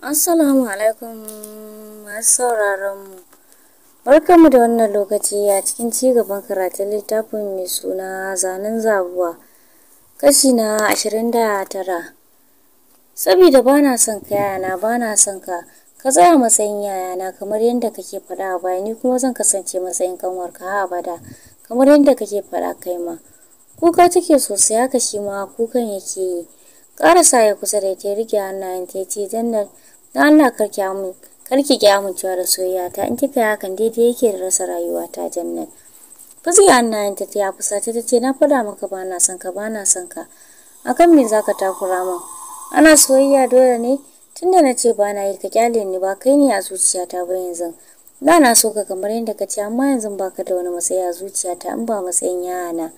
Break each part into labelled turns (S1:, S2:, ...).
S1: Assalamu alaikum masu sauraron mu. Barkanmu da wannan lokaci a cikin ci gaban karatun littafin mai suna zanen zabuwa kashi na 29. Saboda bana son ka yana bana son ka ka tsaya matsayin yayana kamar yadda kake faɗa a bayan ni kuma zan kasance matsayin kanwarka ha abada kamar yadda kake faɗa kai ma. Kuka take sosai haka shi ma kukan yake yi. ƙarasa ya kusa da ita rike hannayen ta ce jannat don Allah karki amin karki ki cewa da soyayya ta in kika yi hakan daidai yake da rasa rayuwa ta jannat fuska hannayen ta ya fusa ta ce na fada maka ba na son ka ba na son ka akan me zaka takura min ana soyayya dole ne tunda na ce ba na yi ka kyale ni ba kai ne a zuciyata ba yanzu na na so ka kamar yadda ka ce amma yanzu baka da wani matsayi a zuciyata in ba matsayin yana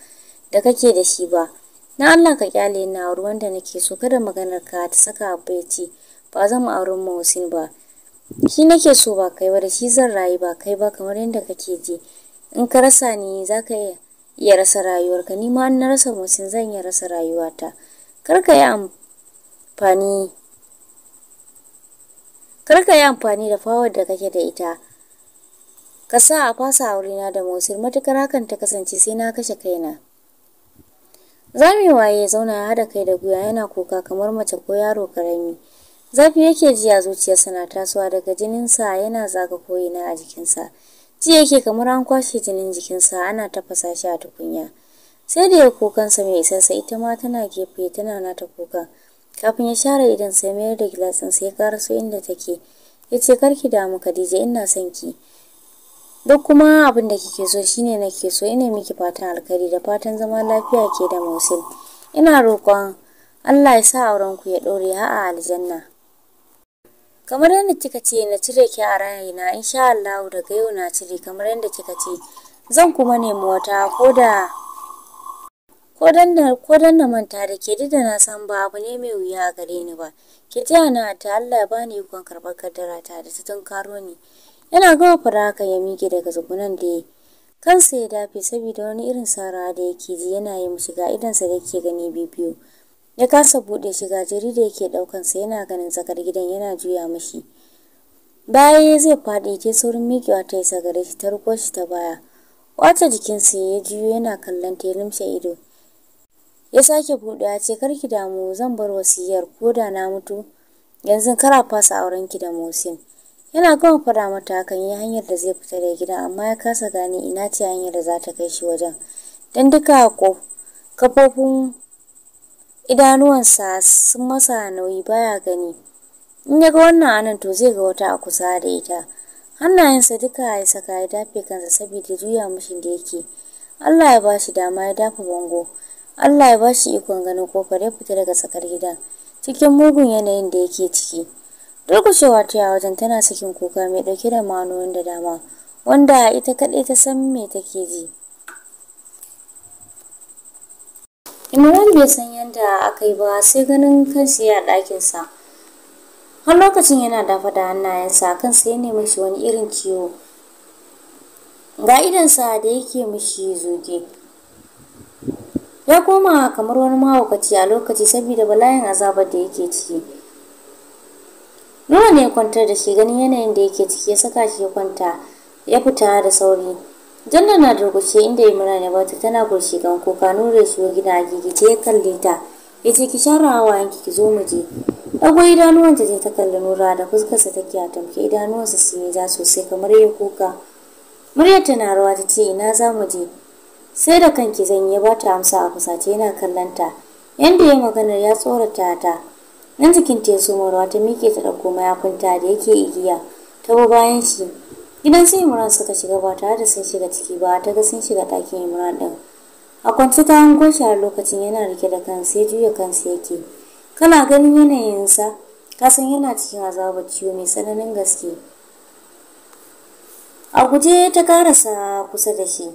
S1: da kake da shi ba na Allah ka kyale na ruwan da nake so kada maganar ka ta saka abu ce ba zan auren sin ba shi nake so ba kai ba da shi zan rayu ba kai ba kamar yadda kake ji in ka rasa ni za ka iya rasa rayuwarka ni ma in na rasa Muhsin zan iya rasa rayuwata kar ka yi amfani kar ka yi amfani da fawar da kake da ita ka sa a fasa aurena da Muhsin matukar hakan ta kasance sai na kashe kaina Zami waye zauna ya haɗa kai da guya yana kuka kamar mace ko yaro karami. Zafi yake ji a zuciyarsa na tasowa daga jininsa yana zaga koina a jikinsa. Ji yake kamar an kwashe jinin jikinsa ana tafasa shi a tukunya. Sai da ya sa mai isarsa ita ma tana gefe tana nata kuka. Kafin ya share idan sai mayar da gilasin sai ya karaso inda take. Ya ce karki damu Khadija ina son ki. duk kuma abin da kike so shine nake so ina miki fatan alkhairi da fatan zama lafiya ke da Musin ina roƙon Allah ya sa auren ku ya dore ha a aljanna kamar yadda kika ce na cire ki a rayina insha Allah daga yau na cire kamar yadda kika ce zan kuma nemi wata koda ko kodanna manta da ke da na san ba abu ne mai wuya a gare ni ba ki ji na ta Allah ya bani ikon karɓar kaddara ta da ta tunkaro ni yana gama fara haka ya miƙe daga tsugunan da ya kansa ya dafe saboda wani irin sarawa da yake ji yana yi mushi ga idansa da ke gani biyu-biyu ya kasa buɗe shiga ga jiri da yake ɗaukansa yana ganin tsakar gidan yana juya mashi baya zai faɗi ta saurin miƙewa ta isa gare shi ta riko shi ta baya wata jikinsa ya juyo yana kallon ta ya lumshe ido ya sake buɗe ya ce ki damu zan bar wasiyar ko da na mutu yanzu kar a fasa aurenki da Musin. yana kawai fada mata hakan ya hanyar da zai fita da gida amma ya kasa gane ina ce hanyar da za ta kai shi wajen don duka kafofin idanuwansa sun masa nauyi baya gani in ya ga wannan anan to zai ga wata a kusa da ita hannayensa duka ya saka ya dafe kansa saboda juya mashin da yake Allah ya bashi dama ya dafa bango Allah ya bashi ikon ganin kofar ya fita daga tsakar gidan cikin mugun yanayin da yake ciki durkusewa ta wajen tana sakin kuka mai ɗauke da manoyin da dama wanda ita kadai ta san me take ji imran bai san yadda aka yi ba sai ganin kansa ya ɗakinsa har lokacin yana dafa da hannayensa kan sai ya nemi shi wani irin ciwo ga sa da yake mishi zuge ya koma kamar wani mahaukaci a lokaci saboda balayin azabar da yake ciki Nuna ne ya kwantar da shi ganin yanayin da yake ciki ya saka shi ya kwanta ya fita da sauri. Janna na durgushe inda Imran ya bata tana goshi kan kuka nure shi ya gida gigice ya kalle ta. Ya ce ki share yanki ki zo mu je. Dago idanuwan ta ta kalli Nura da fuskarsa take a tamke sa sun yi ja sosai kamar yin kuka. Muryar na rawa ta ce ina za mu je. Sai da kanki zan yi bata amsa a fusace yana kallon ta Yanda ya maganar ya tsorata ta. nan jikin ta ya ruwa ta miƙe ta ɗauko mayafinta da yake igiya ta bi bayan shi gidan su imran suka shiga ba tare da sun shiga ciki ba ta ga sun shiga ɗakin imran ɗin a kwance ta hango shi a lokacin yana rike da kan sai juya kansa yake kana ganin yanayinsa ka san yana cikin azaba ciwo mai tsananin gaske a guje ta karasa kusa da shi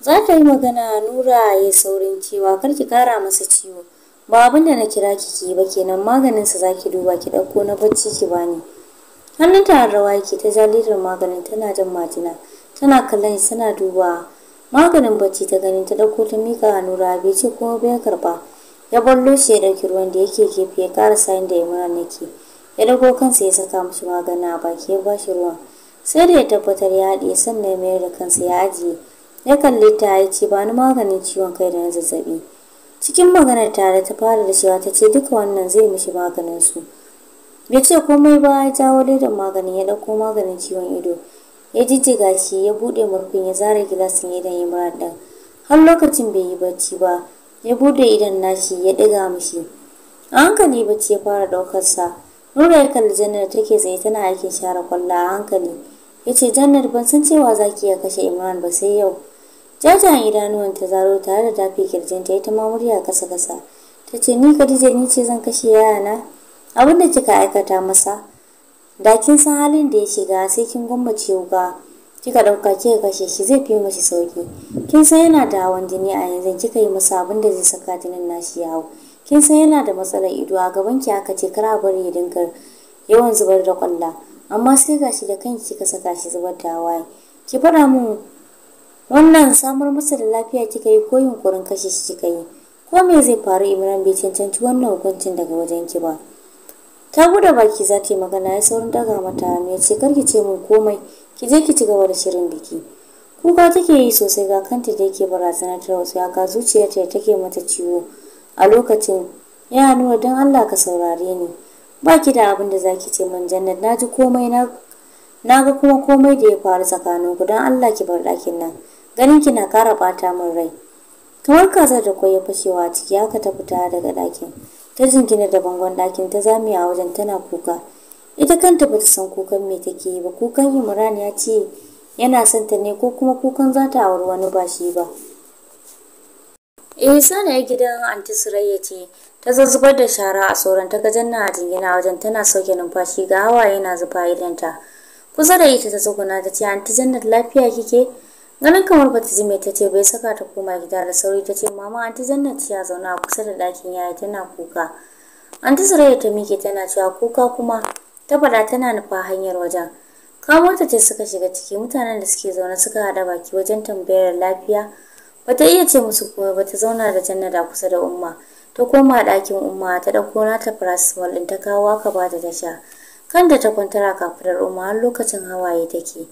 S1: za ta yi magana nura ya yi saurin cewa kar ki kara masa ciwo ba abin da na kira ki ki ba kenan maganin sa zaki duba ki dauko na bacci ki bani hannun ta rawa yake ta jalirin maganin tana jan majina tana kallon tana duba maganin bacci ta ganin ta dauko ta mika a nura abinci ce kuma bai karba ya ballo shi ya dauki ruwan da yake gefe ya kara sayin da ya mura nake ya dago kansa ya saka mishi maganin a baki ya bashi ruwan sai da ya tabbatar ya haɗe sannan ya mayar da kansa ya ajiye ya kalle ta ya ce ba ni maganin ciwon kai da na zazzaɓi cikin maganar tare ta fara da cewa ta ce duka wannan zai mishi maganin su bai ce komai ba ya jawo da maganin ya ɗauko maganin ciwon ido ya jijjiga shi ya buɗe murfin ya zara gilasin idan ya mura ɗan har lokacin bai yi barci ba ya buɗe idan nashi ya ɗiga mishi a hankali bacci ya fara ɗaukar sa nura ya kalli janar take tsaye tana aikin share kwallo a hankali ya ce janar ban san cewa za ki iya kashe imran ba sai yau jajayen idanuwan ta zaro tare da tafi kirjinta ta ta murya kasa kasa ta ce ni Khadija ni ce zan kashe yana abin da kika aikata masa da kin san halin da ya shiga sai kin gwammace wuka kika ɗauka kika kashe shi zai fi mashi sauki kin san yana da hawan jini a yanzu kika yi masa abin da zai saka jinin nashi ya hau kin san yana da matsalar ido a gaban ki aka ce kar a bari ya dinka yawan zubar da kwalla amma sai gashi da kanki kika saka shi zubar da hawaye ki faɗa mun wannan samar masa da lafiya kika yi ko yunkurin kashe shi kika yi ko me zai faru imran bai cancanci wannan hukuncin daga wajen ki ba ta bude baki za ta yi magana ya saurin daga mata me ya ce karki ce min komai ki je ki ci gaba da shirin biki kuka take yi sosai ga kanta da yake barazana ta wasu ya ga zuciyarta ya take mata ciwo a lokacin ya nuna don allah ka saurare ni ba ki da abin da za ki ce min jannat na ji komai na na ga kuma komai da ya faru tsakaninku don allah ki bar ɗakin nan ganin ki na kara bata min rai kamar kazar da kwai ya fashewa ciki haka ta fita daga ɗakin ta jingina da bangon ɗakin ta zame a wajen tana kuka ita kanta bata san kukan me take yi ba kukan imran ya ce yana son ta ne ko kuma kukan za ta auri wani ba shi ba eh sana ya gidan anti surayya ce ta zazzubar da shara a sauran ta gajen a jingina wajen tana sauke numfashi ga hawaye na zufa idanta kusa da ita ta tsuguna ta ce anti jannat lafiya kike ganin kamar ta ji mai tace bai saka ta koma gida da sauri ta ce mama anti jannat ya zauna a kusa da ɗakin yaya tana kuka anti sarayya ta mike tana cewa kuka kuma ta faɗa tana nufa hanyar wajen kamo ta ce suka shiga ciki mutanen da suke zaune suka hada baki wajen tambayar lafiya bata iya ce musu ba ta zauna da jannat a kusa da umma ta koma ɗakin umma ta ɗauko nata paracetamol ɗin ta kawo aka bata ta sha kanta ta kwantar a umma har lokacin hawaye take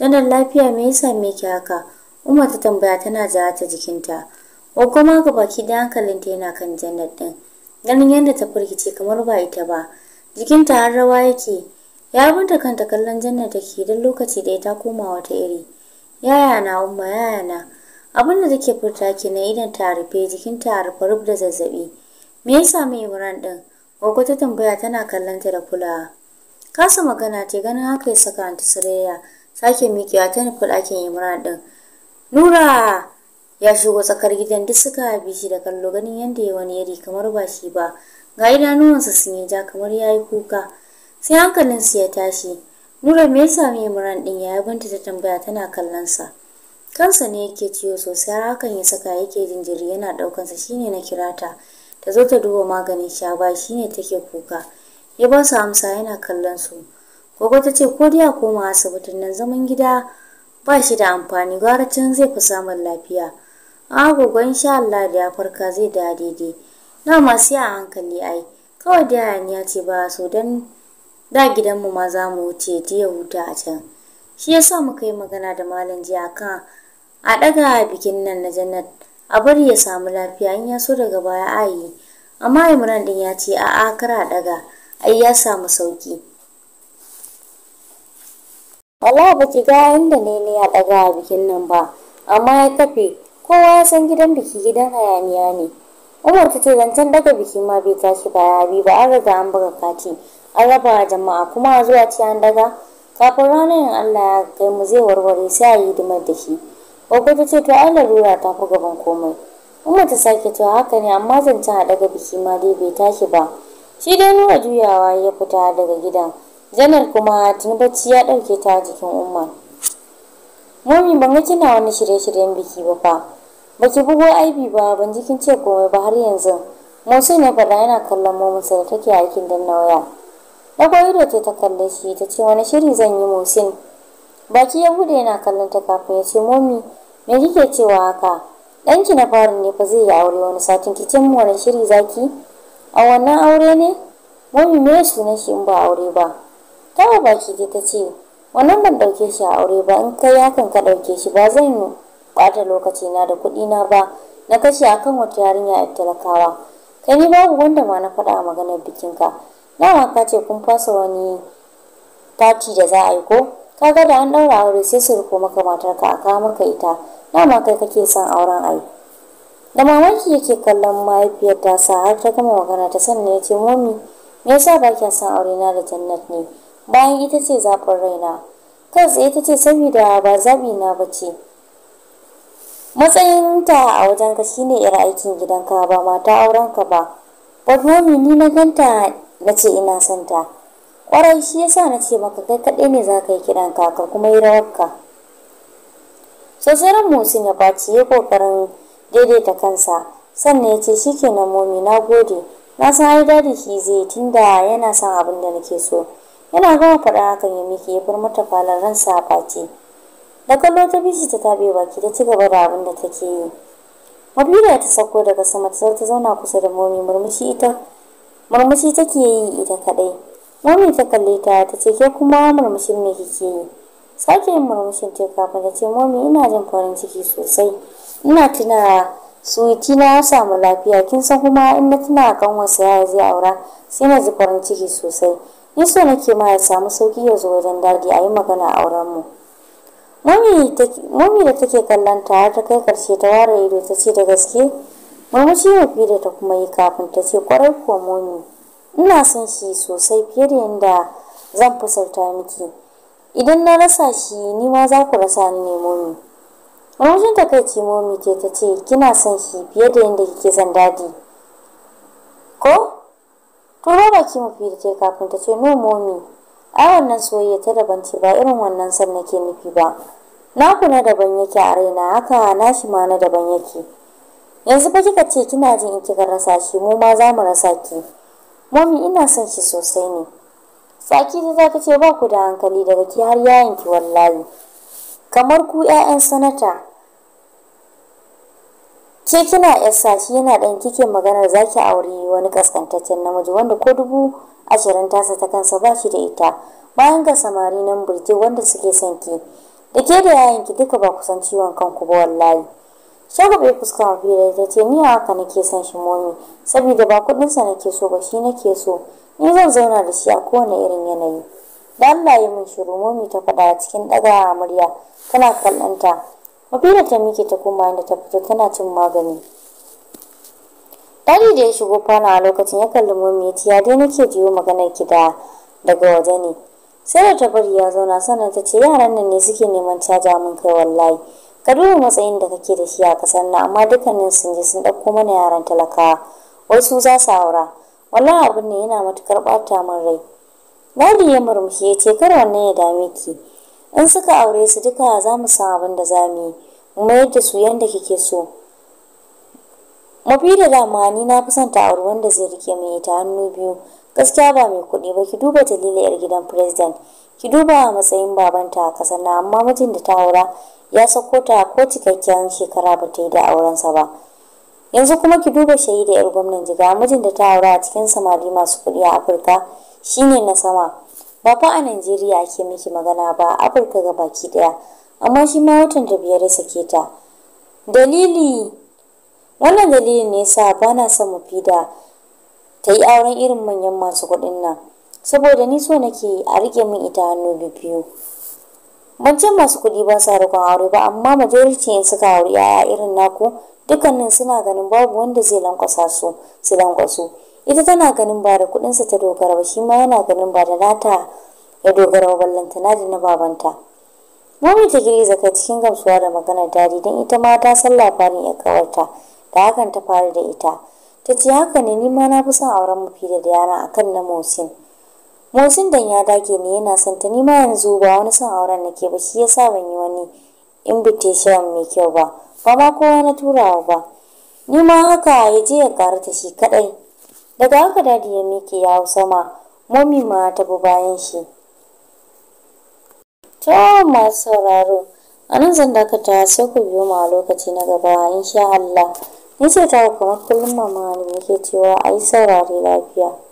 S1: janar lafiya me yasa me ke haka umar ta tambaya tana jawa ta jikinta kuma ga baki da hankalinta yana kan jannat din ganin yadda ta firgice kamar ba ita ba jikinta har rawa yake ya da kanta kallon jannat take don lokaci da ta koma wata iri yaya na umma yaya na abin da take furta na idan ta rufe jikinta a rufe da zazzabi me ya sami imran din gogo ta tambaya tana kallon ta da kulawa kasa magana ce ganin haka ya saka anti sake mikiya ta nufi ɗakin imran ɗin nura ya shigo tsakar gidan duk suka bi shi da kallo ganin yadda ya wani yari kamar ba shi ba ga idanuwansa sun yi ja kamar ya yi kuka sai hankalinsu ya tashi nura me ya sami imran ɗin ya binta ta tambaya tana kallonsa kansa ne yake ciwo sosai har hakan ya saka yake jinjiri yana ɗaukansa shine na kirata ta zo ta duba maganin sha ba shine take kuka ya ba su amsa yana kallon su gogo ta ce ko dai a koma asibitin nan zaman gida ba shi da amfani gara can zai fi samun lafiya a gogo insha Allah da ya farka zai da daidai na masu a hankali ai kawai da hayaniya ce ba so dan da gidanmu ma za mu wuce je ya huta a can shi yasa muka yi magana da malam jiya kan a daga bikin nan na jannat a bari ya samu lafiya in ya so daga baya ayi amma imran din ya ce a'a kar a daga ai ya samu sauki allah ba ki ga inda ne ne ya daga bikin nan ba amma ya kafe kowa ya san gidan biki gidan hayaniya ne umar ta ce zancen daga biki ma bai tashi ba ya bi ba an riga an buga kati an raba jama'a kuma a zuwa ci an daga kafin ranar yin allah ya kai mu zai warware sai a yi hidimar da shi Ogo ta ce to ai larura ta fi gaban komai. Umar ta sake to haka ne amma zancen a daga biki ma dai bai tashi ba. Shi dai nuna juyawa ya fita daga gidan. janar kuma tuni bacci ya ɗauke ta jikin umma mami ban ga kina wani shirye-shiryen biki ba fa baki bugo aibi ba ban ji kin ce komai ba har yanzu Musu ne fada yana kallon mominsa da take aikin danna waya. Dago ido ce ta kalle shi ta ce wani shiri zan yi Musin. Baki ya bude yana kallon ta kafin ya ce momi me kike cewa haka? Ɗanki na farin ne fa zai yi aure wani satin ki cin wani shiri zaki? A wannan aure ne? Momi me sunan shi in ba aure ba? kawo baki dai ta ce wannan ban ɗauke shi a aure ba in kai hakan ka ɗauke shi ba zan bata lokaci na da kuɗi na ba na kashe akan wata yarinya a talakawa kai ni babu wanda ma na faɗa a maganar bikinka dama ka ce kun fasa wani fati da za a yi ko kaga da an ɗaura aure sai su riko maka matar ka a kawo maka ita dama kai kake son auren ai da mamaki yake kallon mahaifiyar sa har ta gama magana ta sannan ya ce momi me yasa ba kya son aure na da jannat ne bayan ita ce zaɓin raina kan tsaye ta ce saboda ba zaɓi na ba ce matsayinta a wajen ka ne ira aikin gidanka ba mata aurenka ba but mami ni na ganta na ce ina son ta kwarai shi yasa na ce maka kai kaɗai ne za ka yi kiɗan ka kuma yi rawarka sosai ran motsin ya ɓaci ya ƙoƙarin daidaita kansa sannan ya ce shi na momi na gode na san ai dadi shi zai tunda yana son abin da nake so yana gama faɗa hakan ya miki ya bar mata falon ransa a ɓace da kallo ta bishi ta tabe baki ta ci gaba da abin da take yi mabila ta sauko daga sama ta ta zauna kusa da momi murmushi ita murmushi take yi ita kaɗai momi ta kalle ta ta ce ke kuma murmushin me kike yi sake yin murmushin ta kafin ta ce momi ina jin farin ciki sosai ina tuna suwiti na ya samu lafiya kin san kuma in na tuna wasa ya zai aura sai na ji farin ciki sosai yasa nake ma ya samu sauki ya wajen dadi a yi magana a auren mu mami da take kallon ta har ta kai karshe ta ware ido ta ce da gaske murmushi fi da ta kuma yi kafin ta ce kwarai kuwa mami ina son shi sosai fiye da yadda zan fusarta miki idan na rasa shi ni ma za ku rasa ni ne momi murmushin takaici momi ce ta ce kina son shi fiye da yadda kike zan dadi ko ba ki mafi da ke kafin ta ce no momi ai wannan soyayya ta daban ce ba irin wannan san nake nufi ba Na ku na daban yake a raina haka nashi ma na daban yake yanzu ba kika ce kina jin in kika rasa shi mu ma za mu rasa ki momi ina son shi sosai ne tsaki ta za ka ce ba ku da hankali daga ki har yayin ki wallahi kamar ku 'ya'yan sanata ke kina yasa shi yana ɗan kike maganar zaki aure wani kaskantaccen namiji wanda ko dubu ashirin tasa ta kansa ba shi da ita bayan ga samari nan burje wanda suke son ki da ke da yayin ki duka ba kusan ciwon kanku ba wallahi bai fuska da ta ce ni haka nake son shi momi saboda ba kuɗinsa nake so ba shi nake so ni zan zauna da shi a kowane irin yanayi da Allah ya min shiru momi ta faɗa cikin ɗaga murya tana kallanta Mafira ta miƙe ta koma inda ta fito tana cin magani. Ladi da ya shigo fana a lokacin ya kalli mummy ya ce ya dai nake jiyo maganar ki da daga waje ne. Sai da ta bari ya zauna sannan ta ce yaran nan ne suke neman caja mun kai wallahi. Ka duba matsayin da kake da shi a ƙasar nan amma dukkanin sun je sun ɗauko mana yaran talakawa. Wai su za su haura. Wallahi abin ne yana matukar ɓata min rai. Dadi ya murmushi ya ce kar wannan ya dame ki. in suka aure su duka za mu san abin da za mu yi mu mayar da su yadda kike so mafi da dama ni na fi son ta auri wanda zai rike mai ta hannu biyu gaskiya ba mai kuɗi ba ki duba dalilin yar gidan president ki duba a matsayin babanta a ƙasar na amma mijin da ta aura ya sako ta ko cikakken shekara ba ta yi da aurensa ba yanzu kuma ki duba shayi yar gwamnan jiga mijin da ta aura a cikin samari masu kuɗi a afirka shine na sama ba fa a Najeriya ake miki magana ba a Afirka ga baki daya amma shi ma watan da biyar ya sake ta dalili wannan dalilin ne yasa ba na son mu fida ta yi auren irin manyan masu kuɗin nan saboda ni so nake a rike min ita hannu biyu ban masu kuɗi ba sa rikon aure ba amma majority in suka aure yaya irin naku dukkanin suna ganin babu wanda zai lankwasa su su lankwasu ita tana ganin ba da sa ta dogara ba shi ma yana ganin ba da nata ya dogara ba ballantana da na babanta mami ta giri zaka cikin gamsuwa da maganar dadi don ita ma ta san labarin ya kawarta da hakan ta faru da ita ta ce haka ne ni ma na fi son auren mafi da yara akan na mosin mosin dan ya dake ne yana son ta ni ma yanzu ba wani son auren nake ba shi yasa ban yi wani invitation mai kyau ba ba ma kowa na turawa ba ni ma haka ya je ya karata shi kadai daga haka dadi ya miƙe ya hau sama momi ma ta bi bayan shi to masu sauraro a nan zan dakata sai ku biyo ma a lokaci na gaba insha Allah ni ce ta hukumar kullum mama ne yake cewa a yi saurare lafiya